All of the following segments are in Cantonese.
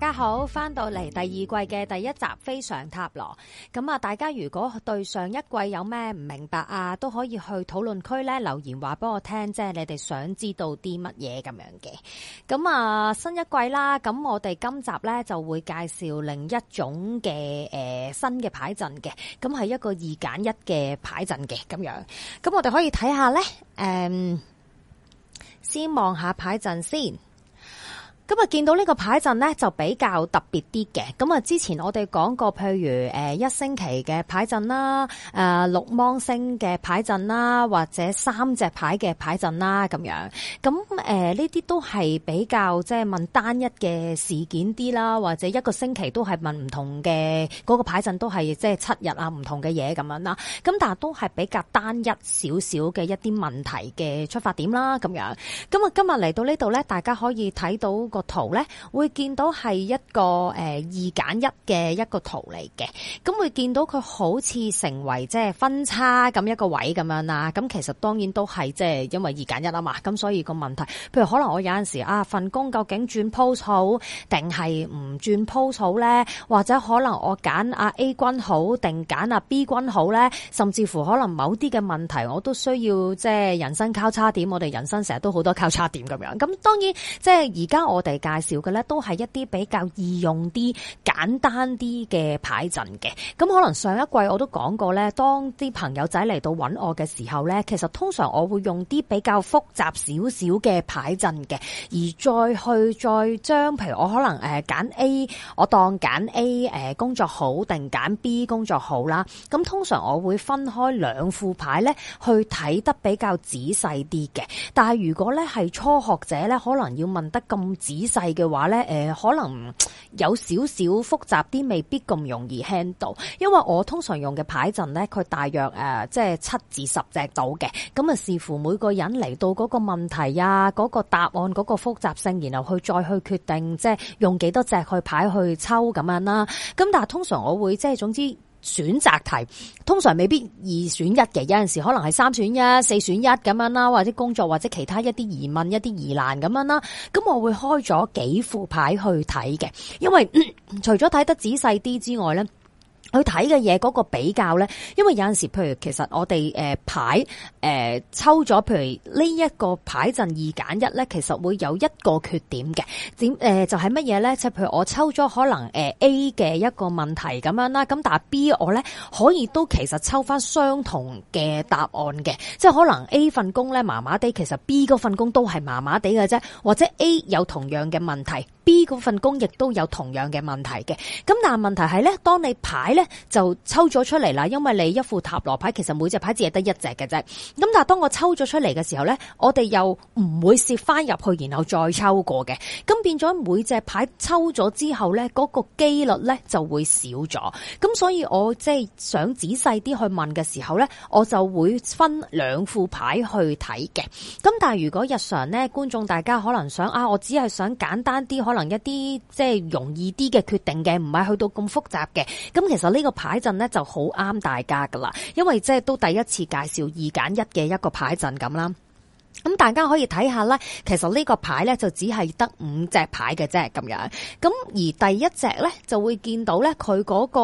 大家好，翻到嚟第二季嘅第一集菲常塔羅，咁啊，大家如果對上一季有咩唔明白啊，都可以去討論區咧留言話俾我聽，即係你哋想知道啲乜嘢咁樣嘅。咁啊，新一季啦，咁我哋今集咧就會介紹另一種嘅誒新嘅牌陣嘅，咁係一個二揀一嘅牌陣嘅咁樣。咁我哋可以睇下咧，誒，先望下牌陣先。今日見到呢個牌陣咧就比較特別啲嘅。咁啊，之前我哋講過，譬如誒一星期嘅牌陣啦，誒、呃、六芒星嘅牌陣啦，或者三隻牌嘅牌陣啦咁樣。咁誒呢啲都係比較即係、就是、問單一嘅事件啲啦，或者一個星期都係問唔同嘅嗰個牌陣都係即係七日啊唔同嘅嘢咁樣啦。咁但係都係比較單一少少嘅一啲問題嘅出發點啦咁樣。咁啊，今日嚟到呢度咧，大家可以睇到個個圖咧會見到係一個誒二減一嘅一個圖嚟嘅，咁會見到佢好似成為即係分叉咁一個位咁樣啦。咁其實當然都係即係因為二減一啊嘛，咁所以個問題，譬如可能我有陣時啊份工究竟轉鋪草定係唔轉鋪草咧，或者可能我揀啊 A 君好定揀啊 B 君好咧，甚至乎可能某啲嘅問題我都需要即係人生交叉點，我哋人生成日都好多交叉點咁樣。咁當然即係而家我。嚟介紹嘅咧，都係一啲比較易用啲、簡單啲嘅牌陣嘅。咁可能上一季我都講過咧，當啲朋友仔嚟到揾我嘅時候咧，其實通常我會用啲比較複雜少少嘅牌陣嘅，而再去再將，譬如我可能誒揀 A，我當揀 A 誒工作好定揀 B 工作好啦。咁通常我會分開兩副牌咧去睇得比較仔細啲嘅。但係如果咧係初學者咧，可能要問得咁仔細。以仔細嘅話咧，誒、呃，可能有少少複雜啲，未必咁容易 handle。因為我通常用嘅牌陣咧，佢大約誒、呃，即係七至十隻到嘅。咁啊，視乎每個人嚟到嗰個問題啊，嗰、嗰個答案嗰個複雜性，然後去再去決定，即係用幾多隻去牌去抽咁樣啦。咁但係通常我會即係總之。選擇題通常未必二選一嘅，有陣時可能係三選一、四選一咁樣啦，或者工作或者其他一啲疑問、一啲疑難咁樣啦，咁我會開咗幾副牌去睇嘅，因為、嗯、除咗睇得仔細啲之外呢。去睇嘅嘢嗰個比較咧，因為有陣時，譬如其實我哋誒、呃、牌誒、呃、抽咗，譬如呢一個牌陣二揀一咧，其實會有一個缺點嘅，點誒，就係乜嘢咧？即係譬如我抽咗可能誒 A 嘅一個問題咁樣啦，咁但係 B 我咧可以都其實抽翻相同嘅答案嘅，即係可能 A 份工咧麻麻哋，其實 B 嗰份工都係麻麻哋嘅啫，或者 A 有同樣嘅問題。B 嗰份工亦都有同樣嘅問題嘅，咁但係問題係咧，當你牌咧就抽咗出嚟啦，因為你一副塔羅牌其實每隻牌只係得一隻嘅啫。咁但係當我抽咗出嚟嘅時候咧，我哋又唔會蝕翻入去，然後再抽過嘅。咁變咗每隻牌抽咗之後咧，嗰個機率咧就會少咗。咁所以我即係想仔細啲去問嘅時候咧，我就會分兩副牌去睇嘅。咁但係如果日常咧，觀眾，大家可能想啊，我只係想簡單啲，可能。可能一啲即係容易啲嘅決定嘅，唔係去到咁複雜嘅，咁其實呢個牌陣咧就好啱大家噶啦，因為即係都第一次介紹二揀一嘅一個牌陣咁啦。咁大家可以睇下咧，其實呢個牌咧就只係得五隻牌嘅啫，咁樣。咁而第一隻咧就會見到咧，佢嗰個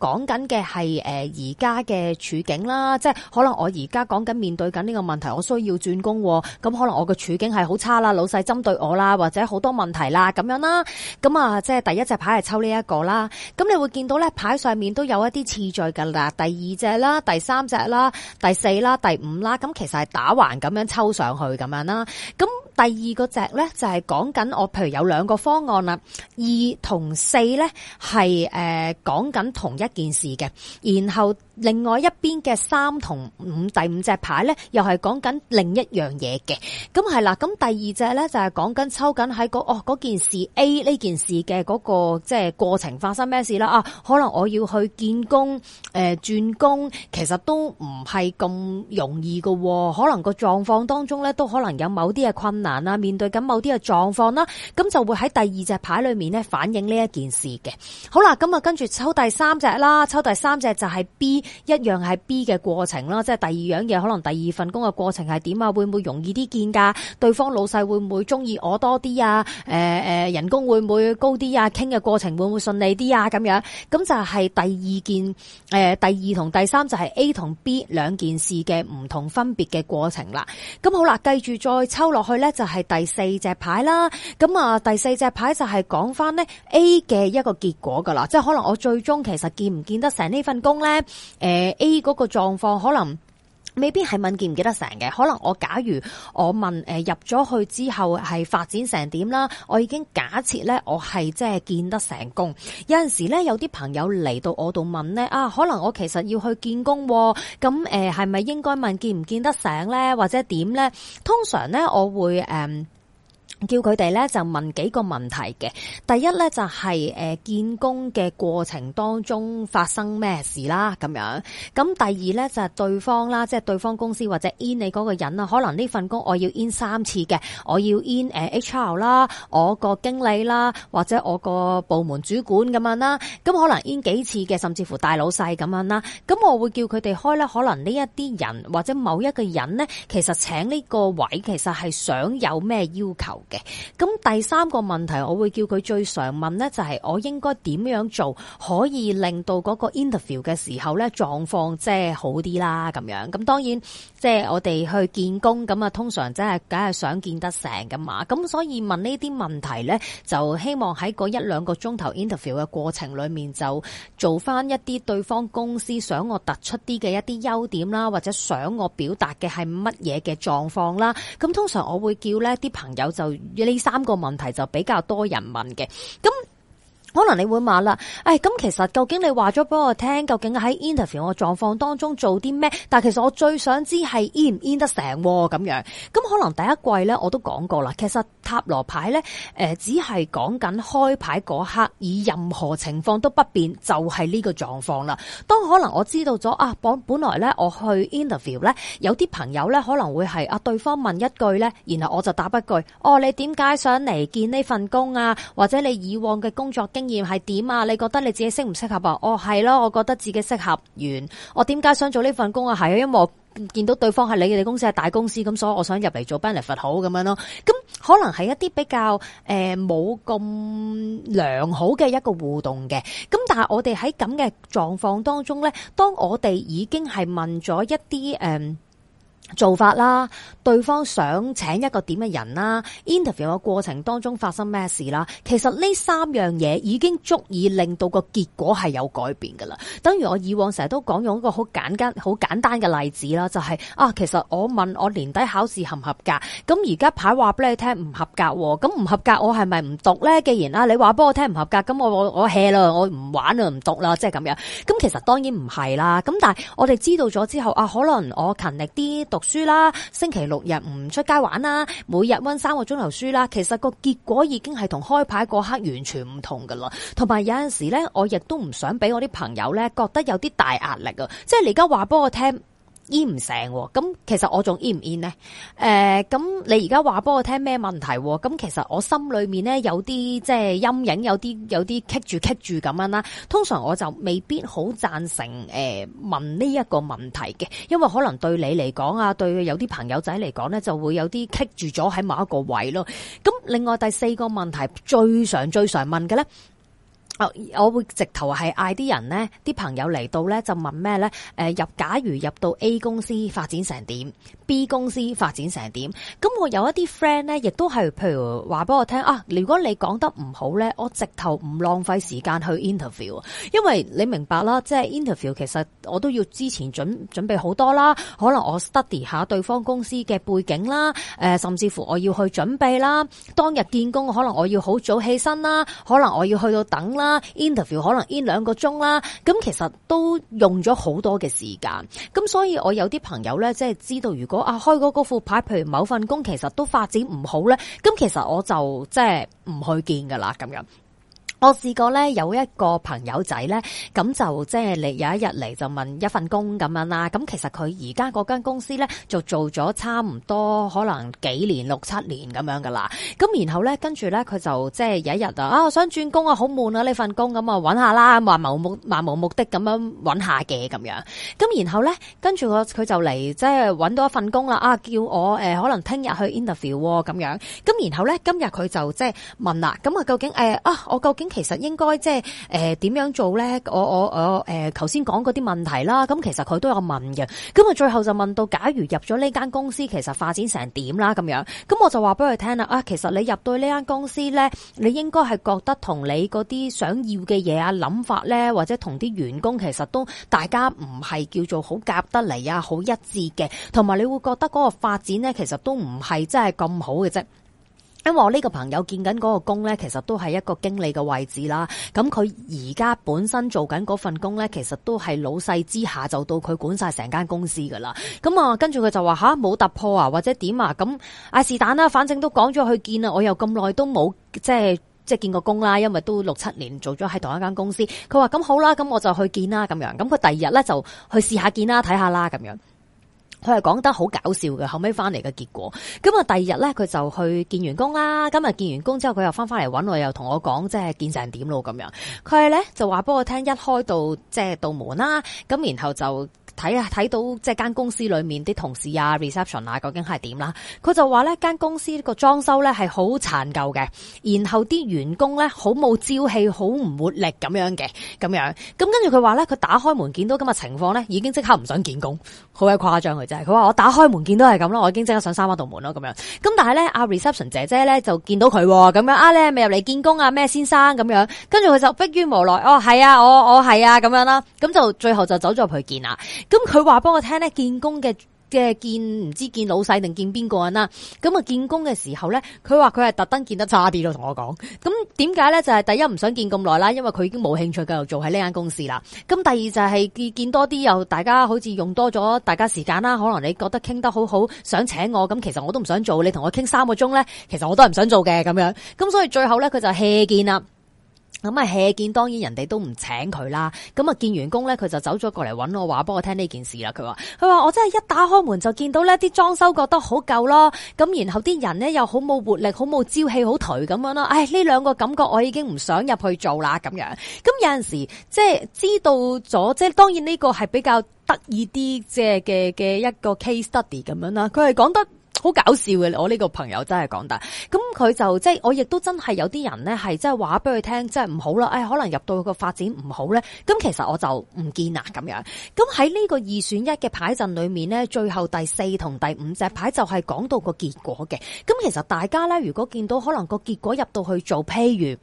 講緊嘅係誒而家嘅處境啦，即係可能我而家講緊面對緊呢個問題，我需要轉工，咁可能我嘅處境係好差啦，老細針對我啦，或者好多問題啦咁樣啦。咁啊，即係第一隻牌係抽呢、這、一個啦。咁你會見到咧牌上面都有一啲次序噶啦，第二隻啦、第三隻啦、第四啦、第五啦。咁其實係打橫咁樣抽上上去咁樣啦，咁 第二個只咧就係講緊我，譬如有兩個方案啦，二同四咧係誒講緊同一件事嘅，然後，另外一邊嘅三同五，第五隻牌呢，又係講緊另一樣嘢嘅。咁係啦，咁第二隻呢，就係講緊抽緊喺哦嗰件事 A 呢件事嘅嗰、嗰個即係過程發生咩事啦啊？可能我要去見工誒轉、呃、工，其實都唔係咁容易噶。可能個狀況當中呢，都可能有某啲嘅困難啦，面對緊某啲嘅狀況啦，咁就會喺第二隻牌裏面呢反映呢一件事嘅。好啦，咁啊跟住抽第三隻啦，抽第三隻就係 B。一樣係 B 嘅過程啦，即係第二樣嘢，可能第二份工嘅過程係點啊？會唔會容易啲見噶？對方老細會唔會中意我多啲啊？誒、呃、誒、呃，人工會唔會高啲啊？傾嘅過程會唔會順利啲啊？咁樣，咁就係第二件誒、呃，第二同第三就係 A 同 B 兩件事嘅唔同分別嘅過程啦。咁好啦，繼住再抽落去呢，就係、是、第四隻牌啦。咁啊，第四隻牌就係講翻呢 A 嘅一個結果噶啦，即係可能我最終其實見唔見得成呢份工呢。誒、uh, A 嗰個狀況，可能未必係問見唔見得成嘅，可能我假如我問入咗去之後係發展成點啦，我已經假設咧我係即係見得成功。有陣時咧有啲朋友嚟到我度問咧啊，可能我其實要去見工，咁誒係咪應該問見唔見得成咧，或者點咧？通常咧我會、um, 叫佢哋咧就問幾個問題嘅，第一咧就係誒見工嘅過程當中發生咩事啦咁樣，咁第二咧就係對方啦，即係對方公司或者 in 你嗰個人啦，可能呢份工我要 in 三次嘅，我要 in 誒 H R 啦，我個經理啦，或者我個部門主管咁樣啦，咁可能 in 幾次嘅，甚至乎大老細咁樣啦，咁我會叫佢哋開呢，可能呢一啲人或者某一個人呢，其實請呢個位其實係想有咩要求？咁第三個問題，我會叫佢最常問呢，就係我應該點樣做，可以令到嗰個 interview 嘅時候呢，狀況即係好啲啦。咁樣，咁當然即係我哋去見工咁啊，通常真係梗係想見得成噶嘛。咁所以問呢啲問題呢，就希望喺嗰一兩個鐘頭 interview 嘅過程裏面，就做翻一啲對方公司想我突出啲嘅一啲優點啦，或者想我表達嘅係乜嘢嘅狀況啦。咁通常我會叫呢啲朋友就。呢三個問題就比較多人問嘅，咁。可能你會問啦，誒、哎、咁其實究竟你話咗俾我聽，究竟喺 interview 個狀況當中做啲咩？但其實我最想知係 in 唔 in 得成喎咁樣。咁可能第一季咧我都講過啦，其實塔羅牌咧誒、呃、只係講緊開牌嗰刻，以任何情況都不變就係、是、呢個狀況啦。當可能我知道咗啊，本本來咧我去 interview 咧，有啲朋友咧可能會係啊對方問一句咧，然後我就答一句。哦，你點解想嚟見呢份工啊？或者你以往嘅工作經經驗係點啊？你覺得你自己適唔適合啊？哦，係咯，我覺得自己適合完。我點解想做呢份工啊？係因為我見到對方係你哋公司係大公司，咁所以我想入嚟做 benefit 好咁樣咯。咁可能係一啲比較誒冇咁良好嘅一個互動嘅。咁但係我哋喺咁嘅狀況當中呢，當我哋已經係問咗一啲誒。呃做法啦，對方想請一個點嘅人啦，interview 嘅過程當中發生咩事啦，其實呢三樣嘢已經足以令到個結果係有改變噶啦。等於我以往成日都講用一個好簡單、好簡單嘅例子啦，就係啊，其實我問我年底考試合唔合格，咁而家牌話俾你聽唔合格喎，咁唔合格我係咪唔讀呢？既然啊，你話俾我聽唔合格，咁我我我 hea 啦，我唔玩啦，唔讀啦，即係咁樣。咁其實當然唔係啦，咁但係我哋知道咗之後啊，可能我勤力啲讀書啦，星期六日唔出街玩啦，每日溫三個鐘頭書啦，其實個結果已經係同開牌嗰刻完全唔同噶啦，同埋有陣時咧，我亦都唔想俾我啲朋友咧覺得有啲大壓力啊，即係你而家話俾我聽。e 唔成，咁其實我仲醫唔 e 呢誒，咁、呃、你而家話幫我聽咩問題？咁其實我心裏面呢，有啲即係陰影，有啲有啲棘住棘住咁樣啦。通常我就未必好贊成誒、呃、問呢一個問題嘅，因為可能對你嚟講啊，對有啲朋友仔嚟講呢，就會有啲棘住咗喺某一個位咯。咁另外第四個問題最常最常問嘅呢。我會直頭係嗌啲人咧，啲朋友嚟到咧就問咩咧？誒，入假如入到 A 公司發展成點？B 公司發展成點？咁我有一啲 friend 咧，亦都係譬如話俾我聽啊。如果你講得唔好咧，我直頭唔浪費時間去 interview 啊。因為你明白啦，即係 interview 其實我都要之前準準備好多啦。可能我 study 下對方公司嘅背景啦，誒、呃，甚至乎我要去準備啦。當日見工可能我要好早起身啦，可能我要去到等啦。Interview 可能 in 兩個鐘啦，咁其實都用咗好多嘅時間，咁所以我有啲朋友咧，即係知道如果啊開嗰個副牌，譬如某份工其實都發展唔好咧，咁其實我就即係唔去見㗎喇，咁樣。我試過咧，有一個朋友仔咧，咁就即係嚟有一日嚟就問一份工咁樣啦。咁其實佢而家嗰間公司咧，就做咗差唔多可能幾年六七年咁樣噶啦。咁然後咧，跟住咧，佢就即係有一日啊，啊我想轉工啊，好悶啊呢份工咁啊，揾下啦，漫無目，漫無目的咁樣揾下嘅咁樣。咁然後咧，跟住我佢就嚟即係揾到一份工啦。啊，叫我誒可能聽日去 interview 喎咁樣。咁然後咧，今日佢就即係問啦。咁啊，究竟啊，我究竟？其實應該即係點樣做呢？我我我誒，頭先講嗰啲問題啦。咁其實佢都有問嘅。咁啊，最後就問到，假如入咗呢間公司，其實發展成點啦？咁樣咁，我就話俾佢聽啦。啊，其實你入到呢間公司呢，你應該係覺得同你嗰啲想要嘅嘢啊、諗法呢，或者同啲員工其實都大家唔係叫做好夾得嚟啊，好一致嘅。同埋你會覺得嗰個發展呢，其實都唔係真係咁好嘅啫。因為我呢個朋友見緊嗰個工呢，其實都係一個經理嘅位置啦。咁佢而家本身做緊嗰份工呢，其實都係老細之下就到佢管晒成間公司噶啦。咁、嗯、啊，嗯、跟住佢就話吓冇突破啊，或者點啊？咁啊是但啦，反正都講咗去見啦。我又咁耐都冇即係即係見過工啦，因為都六七年做咗喺同一間公司。佢話咁好啦，咁我就去見啦，咁樣。咁佢第二日呢，就去試下見啦，睇下啦，咁樣。佢係講得好搞笑嘅，後尾翻嚟嘅結果，咁啊第二日咧佢就去見員工啦，今日見完工之後佢又翻翻嚟揾我，又同我講即係見成點咯咁樣，佢咧就話俾我聽一開到即係到門啦，咁然後就。睇下睇到即係間公司裏面啲同事啊、reception 啊，究竟係點啦？佢就話呢間公司呢個裝修呢係好殘舊嘅，然後啲員工呢好冇朝氣、好唔活力咁樣嘅，咁樣咁跟住佢話呢，佢打開門見到今日情況呢已經即刻唔想見工，好鬼誇張佢真係。佢話我打開門見到係咁咯，我已經即刻想閂翻道門咯，咁樣。咁但係呢，阿、啊、reception 姐姐呢就見到佢咁樣啊咧，你未入嚟見工啊，咩、啊啊、先生咁樣。跟住佢就迫於無奈，哦係啊，我我係啊咁樣啦。咁就最後就走咗入去見啦。咁佢話幫我聽呢見工嘅嘅見唔知見老細定見邊個人啦。咁啊見工嘅時候呢，佢話佢係特登見得差啲咯，同我講。咁點解呢？就係、是、第一唔想見咁耐啦，因為佢已經冇興趣繼續做喺呢間公司啦。咁第二就係見見多啲又大家好似用多咗大家時間啦。可能你覺得傾得好好，想請我咁，其實我都唔想做。你同我傾三個鐘呢，其實我都係唔想做嘅咁樣。咁所以最後呢，佢就 h 見見啦。.咁啊，hea 見當然人哋都唔請佢啦。咁啊，見完工咧，佢就走咗過嚟揾我話，幫我聽呢件事啦。佢話，佢話我真係一打開門就見到呢啲裝修覺得好舊咯。咁然後啲人呢，又好冇活力，好冇朝氣，好頹咁樣囉。唉，呢兩個感覺我已經唔想入去做啦。咁樣，咁有陣時即係知道咗，即係當然呢個係比較得意啲，即係嘅嘅一個 case study 咁樣啦。佢係講得。好搞笑嘅，我呢個朋友真係講得，咁佢就即係我亦都真係有啲人呢，係真係話俾佢聽，即係唔好啦，誒、哎，可能入到去個發展唔好呢，咁其實我就唔見啦咁樣。咁喺呢個二選一嘅牌陣裏面呢，最後第四同第五隻牌就係講到個結果嘅。咁其實大家呢，如果見到可能個結果入到去做，譬如。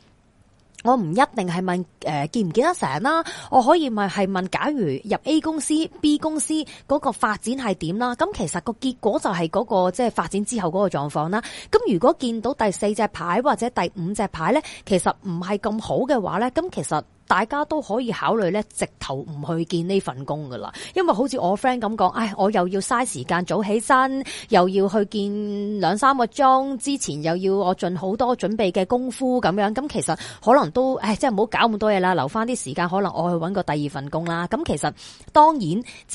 我唔一定係問誒、呃、見唔見得成啦，我可以問係問假如入 A 公司，B 公司，嗰個發展係點啦？咁其實個結果就係嗰、嗰個即係發展之後嗰個狀況啦。咁如果見到第四隻牌或者第五隻牌咧，其實唔係咁好嘅話咧，咁其實。大家都可以考慮咧，直頭唔去見呢份工噶啦，因為好似我 friend 咁講，唉，我又要嘥時間早起身，又要去見兩三個鐘，之前又要我盡好多準備嘅功夫咁樣，咁其實可能都，唉，即係唔好搞咁多嘢啦，留翻啲時間，可能我去搵個第二份工啦。咁其實當然，即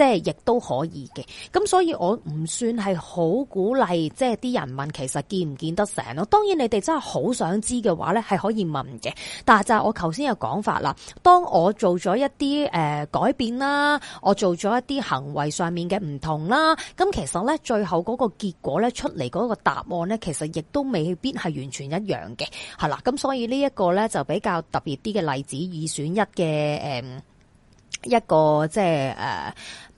係亦都可以嘅，咁所以我唔算係好鼓勵，即係啲人問其實見唔見得成咯。當然你哋真係好想知嘅話咧，係可以問嘅，但係就係我頭先有講法啦。當我做咗一啲誒、呃、改變啦，我做咗一啲行為上面嘅唔同啦，咁其實咧最後嗰個結果咧，出嚟嗰個答案咧，其實亦都未必係完全一樣嘅，係啦，咁所以這呢一個咧就比較特別啲嘅例子，二選一嘅誒、呃、一個即係誒。呃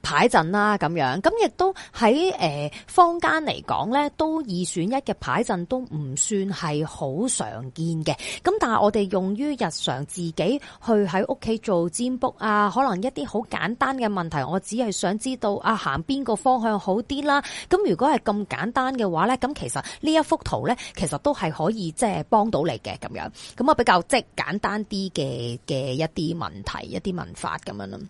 牌陣啦咁樣，咁亦都喺誒、呃、坊間嚟講咧，都二選一嘅牌陣都唔算係好常見嘅。咁但係我哋用於日常自己去喺屋企做占卜啊，可能一啲好簡單嘅問題，我只係想知道啊行邊個方向好啲啦。咁、啊、如果係咁簡單嘅話咧，咁其實呢一幅圖咧，其實都係可以即係幫到你嘅咁樣。咁啊比較即係簡單啲嘅嘅一啲問題、一啲問法咁樣。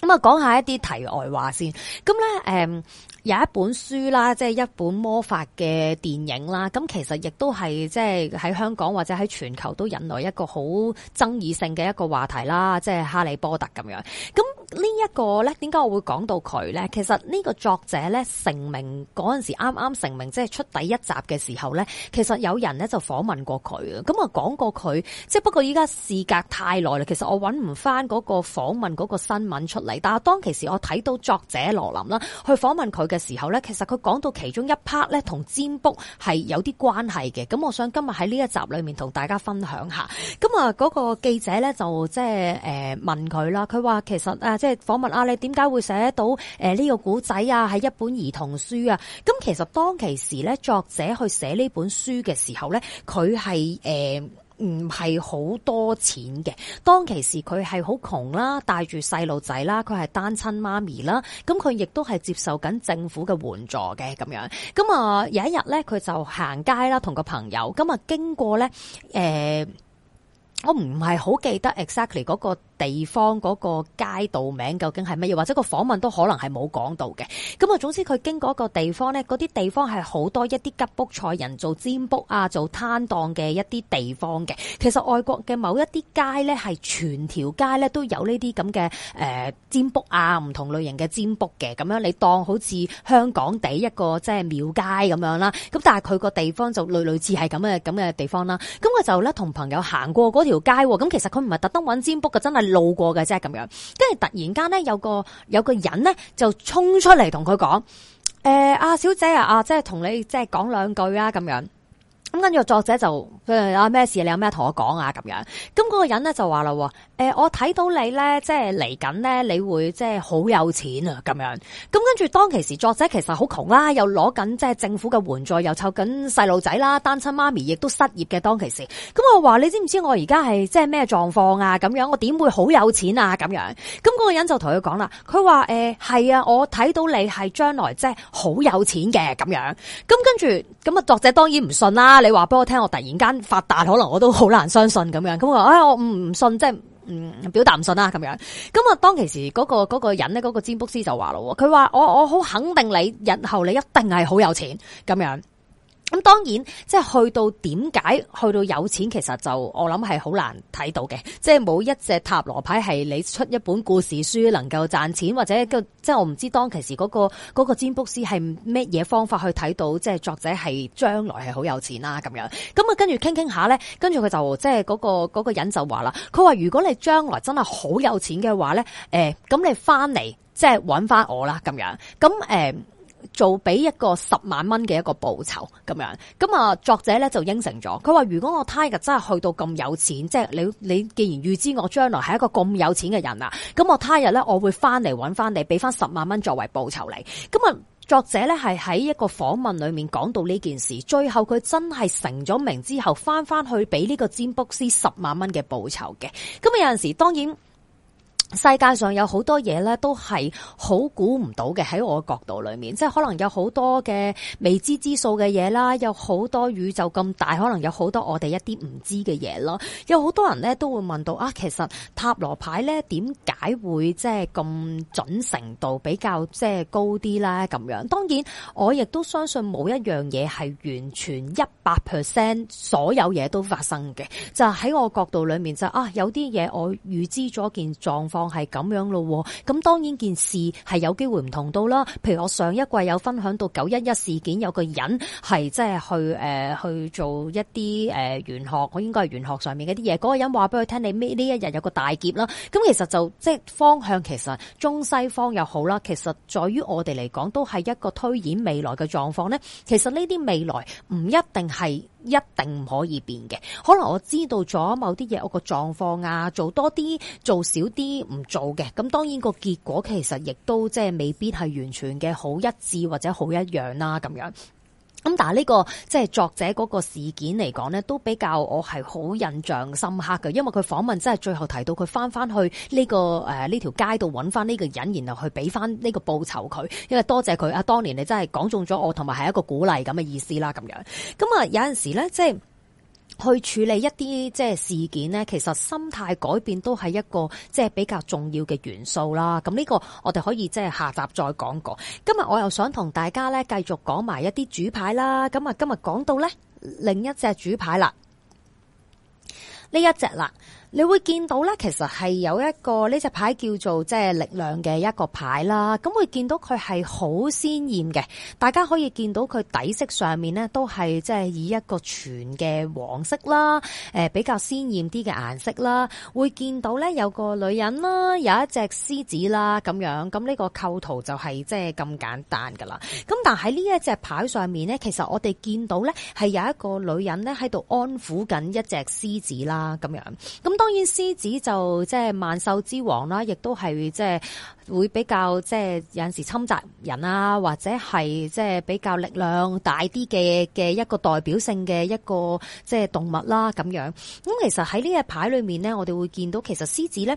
咁啊，講下一啲題外話先。咁咧，誒、嗯，有一本書啦，即係一本魔法嘅電影啦。咁其實亦都係即係喺香港或者喺全球都引來一個好爭議性嘅一個話題啦，即係《哈利波特》咁樣。咁呢一個咧，點解我會講到佢咧？其實呢個作者咧成名嗰陣時，啱啱成名，即係出第一集嘅時候咧，其實有人咧就訪問過佢，咁啊講過佢，即係不過依家事隔太耐啦，其實我揾唔翻嗰個訪問嗰個新聞出嚟。但係當其時我睇到作者羅琳啦，去訪問佢嘅時候咧，其實佢講到其中一 part 咧，同占卜係有啲關係嘅。咁我想今日喺呢一集裏面同大家分享下。咁啊，嗰個記者咧就即係誒問佢啦，佢話其實誒。即係訪問啊，你點解會寫到誒呢、呃這個古仔啊？係一本兒童書啊。咁其實當其時咧，作者去寫呢本書嘅時候咧，佢係誒唔係好多錢嘅。當其時佢係好窮啦，帶住細路仔啦，佢係單親媽咪啦。咁佢亦都係接受緊政府嘅援助，嘅咁樣。咁啊有一日咧，佢就行街啦，同個朋友。咁啊經過咧，誒、呃、我唔係好記得 exactly 嗰、那個。地方嗰個街道名究竟係乜嘢？或者個訪問都可能係冇講到嘅。咁啊，總之佢經過一個地方呢，嗰啲地方係好多一啲吉卜賽人做占卜啊，做攤檔嘅一啲地方嘅。其實外國嘅某一啲街呢，係全條街咧都有呢啲咁嘅誒占卜啊，唔同類型嘅占卜嘅。咁樣你當好似香港地一個即係廟街咁樣啦。咁但係佢個地方就類類似係咁嘅咁嘅地方啦。咁我就咧同朋友行過嗰條街，咁其實佢唔係特登揾占卜嘅，真係。路過嘅即係咁樣，跟住突然間咧有個有個人咧就衝出嚟同佢講：誒、欸，阿小姐啊，啊，即係同你即係講兩句啊，咁樣。咁跟住作者就。佢話咩事？你有咩同我講啊？咁樣，咁、那、嗰個人咧就話啦，誒、呃，我睇到你咧，即係嚟緊咧，你會即係好有錢啊？咁樣，咁跟住當其時作者其實好窮啦，又攞緊即係政府嘅援助，又湊緊細路仔啦，單親媽咪亦都失業嘅當其時，咁我話你知唔知我而家係即係咩狀況啊？咁樣，我點會好有錢啊？咁樣，咁、那、嗰個人就同佢講啦，佢話誒係啊，我睇到你係將來即係好有錢嘅咁樣，咁跟住咁啊作者當然唔信啦，你話俾我聽，我突然間。發達，可能我都好難相信咁樣，咁話唉我唔信，即係嗯表達唔信啦咁樣。咁啊當其時嗰個嗰個人咧，嗰、嗰個占卜師就話咯，佢話我我好肯定你日後你一定係好有錢咁樣。咁當然，即係去到點解去到有錢，其實就我諗係好難睇到嘅，即係冇一隻塔羅牌係你出一本故事書能夠賺錢，或者即係我唔知當其時嗰個、嗰個、嗰個占卜師係咩嘢方法去睇到，即係作者係將來係好有錢啦、啊、咁樣。咁啊，跟住傾傾下咧，跟住佢就即係嗰個嗰、嗰個人就話啦，佢話如果你將來真係好有錢嘅話咧，誒、呃，咁你翻嚟即係搵翻我啦，咁樣，咁誒。呃做俾一個十萬蚊嘅一個報酬咁樣，咁啊作者咧就應承咗，佢話如果我他日真係去到咁有錢，即係你你既然預知我將來係一個咁有錢嘅人喇，咁我他日咧我會翻嚟揾翻你，俾翻十萬蚊作為報酬嚟。咁啊作者咧係喺一個訪問裏面講到呢件事，最後佢真係成咗名之後，翻翻去俾呢個占卜師十萬蚊嘅報酬嘅。咁啊有陣時當然。世界上有好多嘢咧，都係好估唔到嘅。喺我角度裏面，即係可能有好多嘅未知之數嘅嘢啦，有好多宇宙咁大，可能有好多我哋一啲唔知嘅嘢咯。有好多人咧都會問到啊，其實塔羅牌咧點解會即係咁準程度比較即係高啲咧？咁樣當然我亦都相信冇一樣嘢係完全一百 percent 所有嘢都發生嘅。就喺我角度裏面就啊，有啲嘢我預知咗件狀況。係咁樣咯，咁當然件事係有機會唔同到啦。譬如我上一季有分享到九一一事件，有個人係即係去誒、呃、去做一啲誒玄學，我應該係玄學上面嗰啲嘢。嗰、嗰個人話俾佢聽，你呢一日有個大劫啦。咁其實就即係方向，其實中西方又好啦。其實在於我哋嚟講，都係一個推演未來嘅狀況呢。其實呢啲未來唔一定係。一定唔可以變嘅，可能我知道咗某啲嘢，我個狀況啊，做多啲，做少啲，唔做嘅，咁當然個結果其實亦都即係未必係完全嘅好一致或者好一樣啦，咁樣。咁但係、這、呢個即係、就是、作者嗰個事件嚟講呢都比較我係好印象深刻嘅，因為佢訪問真係最後提到佢翻翻去呢、這個呢條、呃這個、街度揾翻呢個人，然後去俾翻呢個報酬佢，因為多謝佢啊，當年你真係講中咗我，同埋係一個鼓勵咁嘅意思啦，咁樣。咁啊有陣時呢，即係。去處理一啲即係事件呢，其實心態改變都係一個即係比較重要嘅元素啦。咁呢個我哋可以即係下集再講過。今日我又想同大家呢繼續講埋一啲主牌啦。咁啊，今日講到呢另一隻主牌啦，呢一隻啦。你會見到咧，其實係有一個呢隻牌叫做即係力量嘅一個牌啦。咁會見到佢係好鮮艷嘅，大家可以見到佢底色上面呢，都係即係以一個全嘅黃色啦，誒比較鮮艷啲嘅顏色啦。會見到咧有個女人啦，有一隻獅子啦咁樣。咁呢個構圖就係即係咁簡單噶啦。咁但係呢一隻牌上面呢，其實我哋見到呢，係有一個女人呢，喺度安撫緊一隻獅子啦咁樣。咁當然，獅子就即係萬獸之王啦，亦都係即係會比較即係有陣時侵襲人啊，或者係即係比較力量大啲嘅嘅一個代表性嘅一個即係動物啦咁樣。咁其實喺呢一隻牌裏面呢，我哋會見到其實獅子呢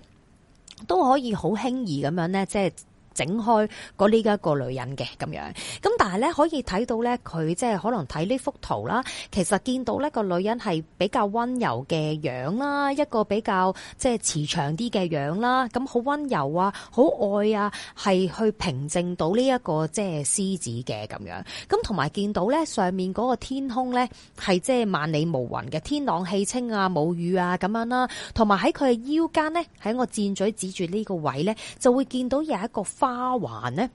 都可以好輕易咁樣呢。即係。整開呢一個女人嘅咁樣，咁但係咧可以睇到咧，佢即係可能睇呢幅圖啦，其實見到咧個女人係比較溫柔嘅樣啦，一個比較即係慈祥啲嘅樣啦，咁好溫柔啊，好愛啊，係去平靜到呢一個即係獅子嘅咁樣，咁同埋見到咧上面嗰個天空咧係即係萬里無雲嘅天朗氣清啊，冇雨啊咁樣啦，同埋喺佢嘅腰間咧喺我箭嘴指住呢個位咧就會見到有一個花。花環呢？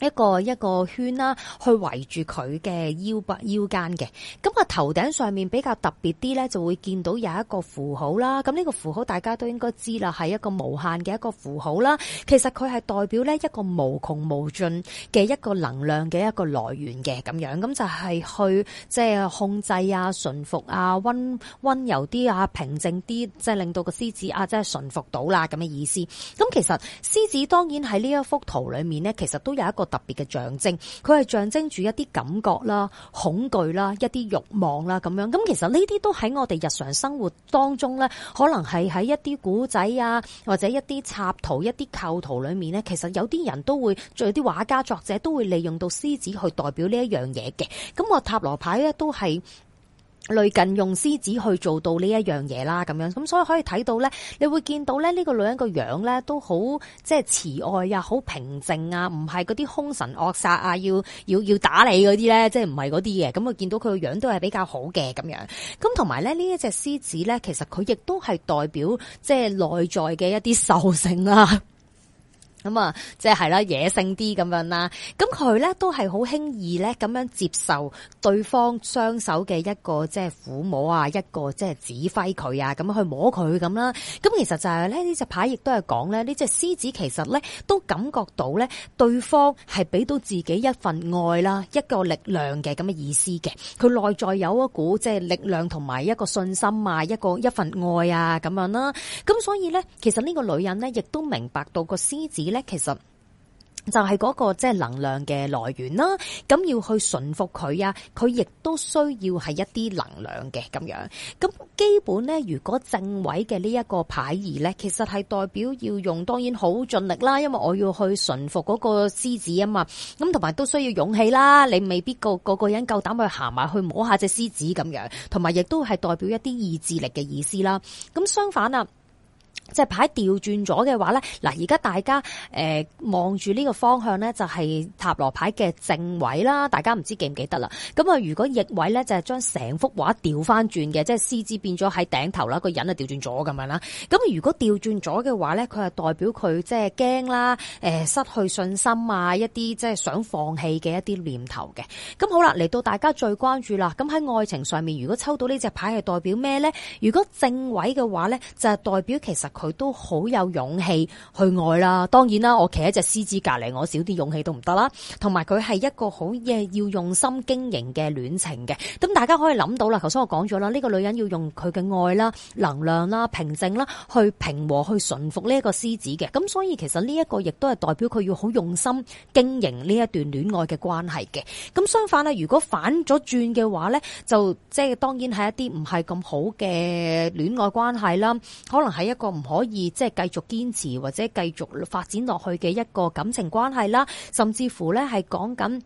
一個一個圈啦，去圍住佢嘅腰腰間嘅。咁啊，頭頂上面比較特別啲咧，就會見到有一個符號啦。咁呢個符號大家都應該知啦，係一個無限嘅一個符號啦。其實佢係代表咧一個無窮無盡嘅一個能量嘅一個來源嘅咁樣。咁就係去即係控制啊、馴服啊、溫溫柔啲啊、平靜啲，即係令到個獅子啊，即係馴服到啦咁嘅意思。咁其實獅子當然喺呢一幅圖裏面咧，其實都有一個。特別嘅象徵，佢係象徵住一啲感覺啦、恐懼啦、一啲欲望啦咁樣。咁其實呢啲都喺我哋日常生活當中呢，可能係喺一啲古仔啊，或者一啲插圖、一啲構圖裏面呢。其實有啲人都會，有啲畫家、作者都會利用到獅子去代表呢一樣嘢嘅。咁我塔羅牌呢都係。類近用獅子去做到呢一樣嘢啦，咁樣咁所以可以睇到咧，你會見到咧呢個女人個樣咧都好即係慈愛啊，好平靜啊，唔係嗰啲凶神惡煞啊，要要要打你嗰啲咧，即係唔係嗰啲嘅，咁佢見到佢個樣都係比較好嘅咁樣，咁同埋咧呢一隻獅子咧，其實佢亦都係代表即係內在嘅一啲獸性啦。咁啊、嗯，即係係啦，野性啲咁樣啦。咁佢咧都係好輕易咧，咁樣接受對方雙手嘅一個即係撫摸啊，一個即係指揮佢啊，咁樣去摸佢咁啦。咁其實就係、是、咧、這個、呢隻牌亦都係講咧，呢隻獅子其實咧都感覺到咧，對方係俾到自己一份愛啦，一個力量嘅咁嘅意思嘅。佢內在有一股即係力量同埋一個信心啊，一個一份愛啊咁樣啦、啊。咁所以咧，其實呢個女人咧亦都明白到個獅子咧。其實就係嗰個即係能量嘅來源啦，咁要去馴服佢啊，佢亦都需要係一啲能量嘅咁樣。咁基本呢，如果正位嘅呢一個牌義呢，其實係代表要用，當然好盡力啦，因為我要去馴服嗰個獅子啊嘛。咁同埋都需要勇氣啦，你未必個個個人夠膽去行埋去摸一下隻獅子咁樣，同埋亦都係代表一啲意志力嘅意思啦。咁相反啊。即係牌調轉咗嘅話咧，嗱而家，大家誒望住呢個方向呢，就係塔羅牌嘅正位啦。大家唔知記唔記得啦？咁啊，如果逆位呢，就係將成幅畫調翻轉嘅，即係獅子變咗喺頂頭啦，個人啊調轉咗咁樣啦。咁如果調轉咗嘅話呢，佢係代表佢即係驚啦，誒、呃、失去信心啊，一啲即係想放棄嘅一啲念頭嘅。咁好啦，嚟到大家最關注啦。咁喺愛情上面，如果抽到呢隻牌係代表咩呢？如果正位嘅話呢，就係代表其實。佢都好有勇氣去愛啦，當然啦，我企喺隻獅子隔離，我少啲勇氣都唔得啦。同埋佢係一個好嘢，要用心經營嘅戀情嘅。咁大家可以諗到啦，頭先我講咗啦，呢個女人要用佢嘅愛啦、能量啦、平靜啦，去平和去馴服呢一個獅子嘅。咁所以其實呢一個亦都係代表佢要好用心經營呢一段戀愛嘅關係嘅。咁相反咧，如果反咗轉嘅話咧，就即係當然係一啲唔係咁好嘅戀愛關係啦，可能係一個唔。可以即係繼續堅持，或者繼續發展落去嘅一個感情關係啦，甚至乎呢係講緊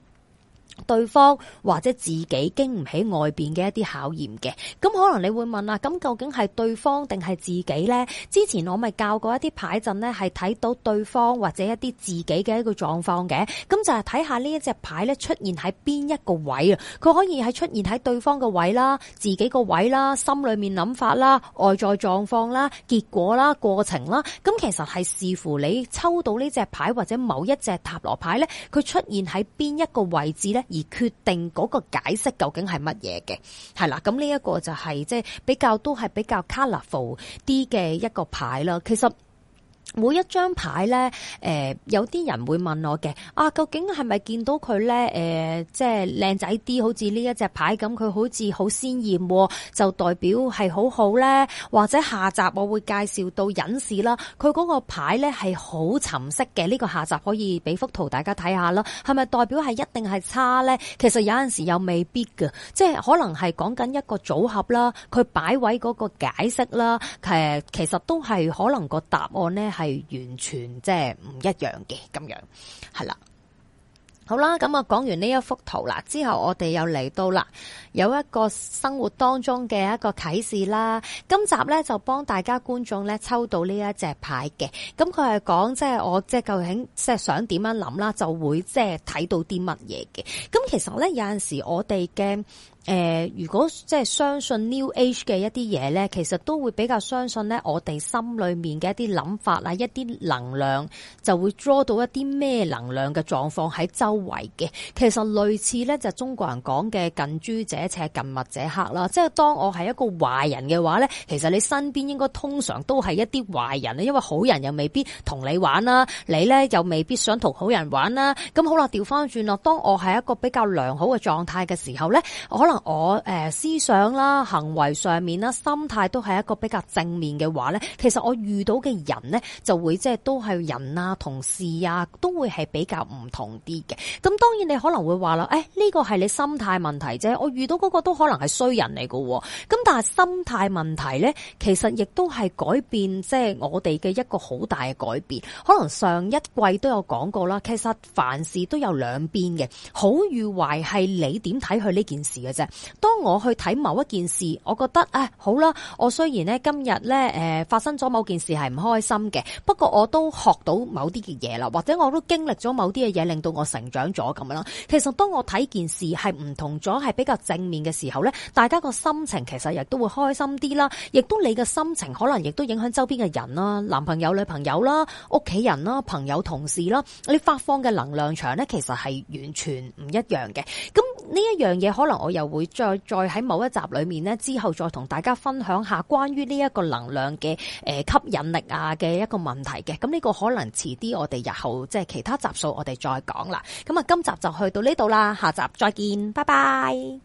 對方或者自己經唔起外邊嘅一啲考驗嘅，咁可能你會問啊？咁究竟係對方定係自己咧？之前我咪教過一啲牌陣咧，係睇到對方或者一啲自己嘅一個狀況嘅，咁就係睇下呢一隻牌咧出現喺邊一個位啊？佢可以係出現喺對方嘅位啦、自己個位啦、心裏面諗法啦、外在狀況啦、結果啦、過程啦，咁其實係視乎你抽到呢隻牌或者某一隻塔羅牌咧，佢出現喺邊一個位置咧。而決定嗰個解釋究竟係乜嘢嘅，係啦，咁呢一個就係即係比較都係比較 colourful 啲嘅一個牌啦，其實。每一張牌咧，誒、呃，有啲人會問我嘅，啊，究竟係咪見到佢咧？誒、呃，即係靚仔啲，好似呢一隻牌咁，佢好似好鮮豔，就代表係好好咧？或者下集我會介紹到隱士啦，佢嗰個牌咧係好沉色嘅。呢、這個下集可以俾幅圖大家睇下啦，係咪代表係一定係差咧？其實有陣時又未必嘅，即係可能係講緊一個組合啦，佢擺位嗰個解釋啦，誒，其實都係可能個答案咧係。係完全即係唔一樣嘅，咁樣係啦，好啦，咁啊講完呢一幅圖啦之後，我哋又嚟到啦，有一個生活當中嘅一個啟示啦。今集呢，就幫大家觀眾呢抽到呢一隻牌嘅，咁佢係講即係我即係究竟即係想點樣諗啦，就會即係睇到啲乜嘢嘅。咁其實呢，有陣時我哋嘅。誒、呃，如果即係相信 New Age 嘅一啲嘢呢，其實都會比較相信咧，我哋心裏面嘅一啲諗法啊，一啲能量就會 draw 到一啲咩能量嘅狀況喺周圍嘅。其實類似呢，就中國人講嘅近朱者赤，近墨者黑啦。即係當我係一個壞人嘅話呢，其實你身邊應該通常都係一啲壞人啦，因為好人又未必同你玩啦，你呢又未必想同好人玩啦。咁好啦，調翻轉咯。當我係一個比較良好嘅狀態嘅時候呢。我可能。我誒思想啦、行為上面啦、心態都係一個比較正面嘅話咧，其實我遇到嘅人咧就會即係都係人啊、同事啊都會係比較唔同啲嘅。咁當然你可能會話啦，誒，呢個係你心態問題啫。我遇到嗰個都可能係衰人嚟噶。咁但係心態問題咧，其實亦都係改變即係我哋嘅一個好大嘅改變。可能上一季都有講過啦，其實凡事都有兩邊嘅，好與壞係你點睇佢呢件事嘅啫。當我去睇某一件事，我覺得唉、哎，好啦，我雖然呢，今日呢，誒發生咗某件事係唔開心嘅，不過我都學到某啲嘅嘢啦，或者我都經歷咗某啲嘅嘢，令到我成長咗咁樣啦。其實當我睇件事係唔同咗，係比較正面嘅時候呢，大家個心情其實亦都會開心啲啦，亦都你嘅心情可能亦都影響周邊嘅人啦，男朋友、女朋友啦、屋企人啦、朋友、同事啦，你發放嘅能量場呢，其實係完全唔一樣嘅。咁呢一樣嘢可能我又。會再再喺某一集裏面呢，之後再同大家分享下關於呢一個能量嘅、誒、呃、吸引力啊嘅一個問題嘅。咁呢個可能遲啲我哋日後即係其他集數我哋再講啦。咁啊，今集就去到呢度啦，下集再見，拜拜。